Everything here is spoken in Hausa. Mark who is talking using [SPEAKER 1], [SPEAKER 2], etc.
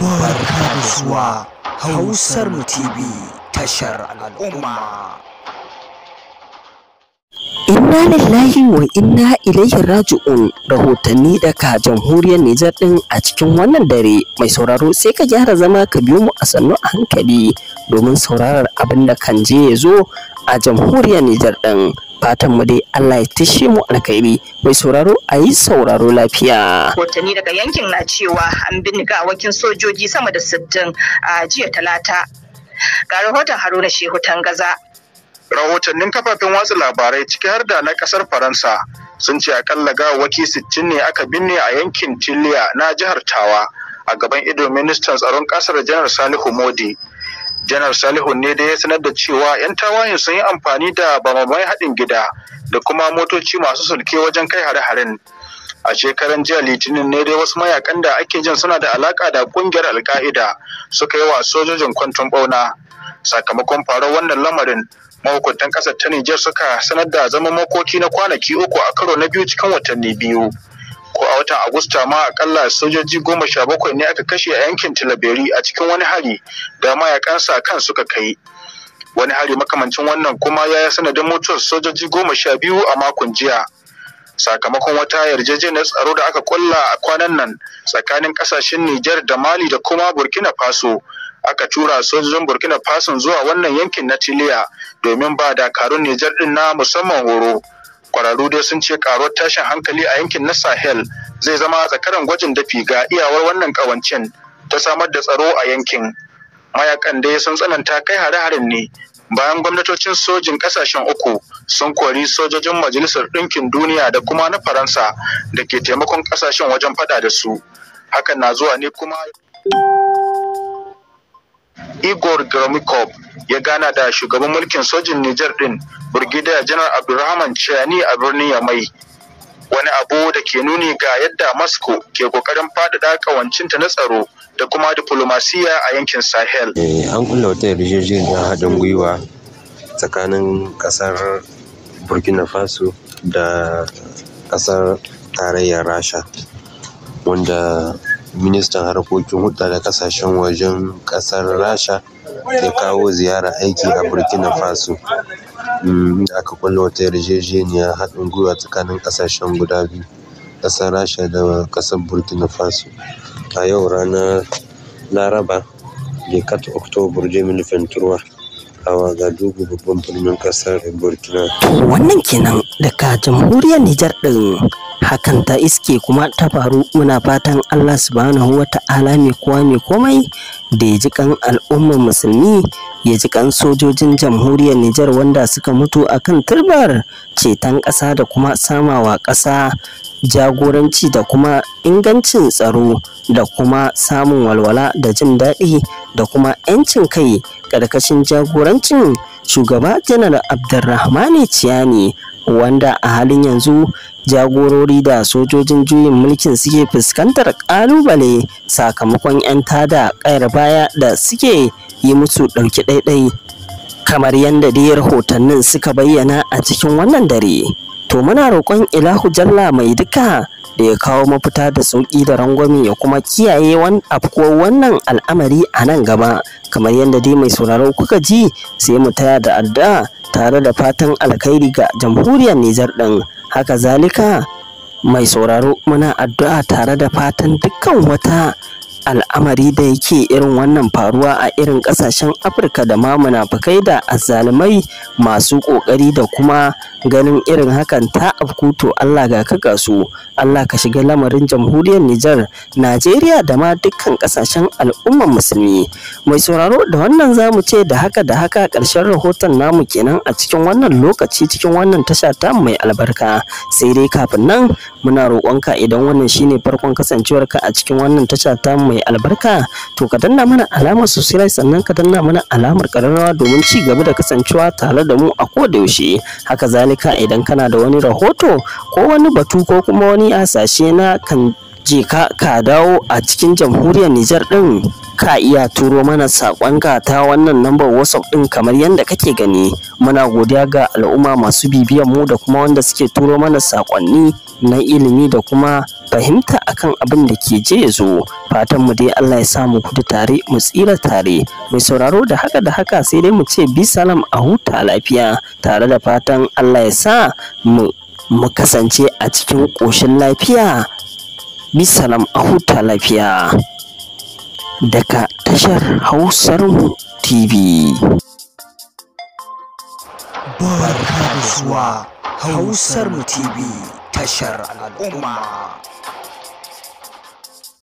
[SPEAKER 1] barka da zuwa hausar mu tv tashar al'umma Inna lillahi wa inna ilaihi raji'un rahotanni daga jamhuriyar Nijar din a cikin wannan dare mai sauraro sai ka gyara zama ka biyo mu a sannu hankali domin sauraron abin da kan je ya zo a jamhuriyar Nijar din fatan mu dai Allah ya tishe mu alkhairi mai sauraro ayi sauraro lafiya. Watanni daga yankin na cewa an binne wakin sojoji sama da sittin a jiya talata. Ga rahoton Haruna Shehu Tangaza.
[SPEAKER 2] Rahotannin kafafen watsa labarai ciki har da na kasar Faransa sun ce akalla waki sittin ne aka binne a yankin Tiliya na jihar Tawa a gaban ido ministan tsaron kasar janar Salihu Modi. janar salihu ne da ya sanar da cewa 'yan tawayen sun yi amfani da bamamai haɗin gida da kuma motoci masu sulke wajen kai hare-haren a shekaran jiya litinin ne dai wasu mayakan da ake jin suna da alaka da kungiyar alka'ida suka yi wa sojojin kwanton bauna sakamakon faruwar wannan lamarin mahukuntan ƙasar ta nijar suka sanar da zaman makoki na kwanaki uku a karo na biyu cikin watanni biyu a watan Agusta ma akalla sojoji goma sha bakwai ne aka kashe a yankin Tilaberi a cikin wani hari da mayakan sa kan suka kai. Wani hari makamancin wannan kuma ya yi sanadin mutuwar sojoji goma sha biyu a makon jiya. Sakamakon wata yarjejeniyar tsaro da aka kulla a kwanan nan tsakanin kasashen Nijar da Mali da kuma Burkina Faso. aka tura sojojin burkina faso zuwa wannan yankin na tiliya domin ba dakarun nijar din na musamman horo kwararru dai sun ce karuwar tashin hankali a yankin na sahel zai zama zakaran gwajin dafi ga iyawar wannan ƙawancen ta samar da tsaro a yankin mayakan dai sun tsananta kai hare-haren ne bayan gwamnatocin sojin kasashen uku sun kori sojojin majalisar ɗinkin duniya da kuma na faransa da ke taimakon kasashen wajen fada da su hakan na zuwa ne kuma igor gromikov ya gana da shugaban mulkin sojin niger din brigadier janar abdulrahman chiani a birnin yamai wani abu da ke nuni ga yadda Moscow ke kokarin faɗaɗa ƙawancinta na tsaro da kuma diplomasiya a yankin Sahel. Eh, an kula wata yarjejeniyar haɗin gwiwa tsakanin ƙasar Burkina Faso da ƙasar tarayyar Rasha wanda ministan harkokin hudu da kasashen wajen ƙasar Rasha ya kawo ziyara aiki a Burkina Faso. Mm. aka kunna wata yarjejeniya haɗin gwiwa tsakanin ƙasashen guda biyu, ƙasar Rasha da ƙasar Burkina Faso, a yau ranar Laraba, da oktobar Oktobar 2023 a dubu babban birnin ƙasar Burkina. To
[SPEAKER 1] wannan kenan daga jamhuriyar Nijar ɗin. hakan ta iske kuma ta faru muna fatan Allah subhanahu wa ta'ala mai kowa mai komai da ya ji kan al'ummar musulmi ya ji kan sojojin jamhuriyar Nijar wanda suka mutu a kan turbar ceton ƙasa da kuma samawa ƙasa jagoranci da kuma ingancin tsaro da kuma samun walwala da jin daɗi da kuma 'yancin kai ƙarƙashin jagorancin shugaba janar abdulrahmani ciyani wanda a halin yanzu jagorori da sojojin juyin mulkin suke fuskantar ƙalubale sakamakon 'yan tada ƙayar baya da suke yi musu ɗauki ɗaiɗai kamar yadda dai rahotannin suka bayyana a cikin wannan dare to muna roƙon ilahu jalla mai duka da ya kawo mafita da sauƙi da rangwami ya kuma kiyaye afkuwar wannan al'amari a nan gaba kamar yadda dai mai sauraro kuka ji sai mu taya da adda tare da fatan alkhairi ga jamhuriyar Nijar ɗin haka zalika mai sauraro muna addu'a tare da fatan dukkan wata al'amari da yake irin wannan faruwa a irin kasashen afirka da ma munafukai da azzalumai masu kokari da kuma ganin irin hakan ta afkuto allah ga kaka su allah ka shiga lamarin jamhuriyar nijar najeriya da ma dukkan kasashen al'umman musulmi mai sauraro da wannan zamu ce da haka da haka ƙarshen rahoton namu kenan a cikin wannan lokaci cikin wannan tasha ta mai albarka sai dai kafin nan muna roƙonka idan wannan shine farkon kasancewarka a cikin wannan tasha ta mai mai albarka to ka danna mana alamar subscribe sannan ka danna mana alamar kararrawa domin ci gaba da kasancewa tare da mu a koda yaushe haka zalika idan kana da wani rahoto ko wani batu ko kuma wani hasashe na kan je ka dawo a cikin jamhuriyar Nijar din ka iya turo mana saƙonka ta wannan lambar whatsapp ɗin kamar yadda kake gani muna godiya ga al'umma masu bibiyan mu da kuma wanda suke turo mana saƙonni na ilimi da kuma fahimta akan abin da ke je ya zo fatan mu dai Allah ya sa mu kudu tare mu tsira tare mai sauraro da haka da haka sai dai mu ce bi salam a huta lafiya tare da fatan Allah ya sa mu mu kasance a cikin ƙoshin lafiya bi salam a huta lafiya daga tashar Hausar TV. Barka da zuwa Hausar TV tashar al'umma.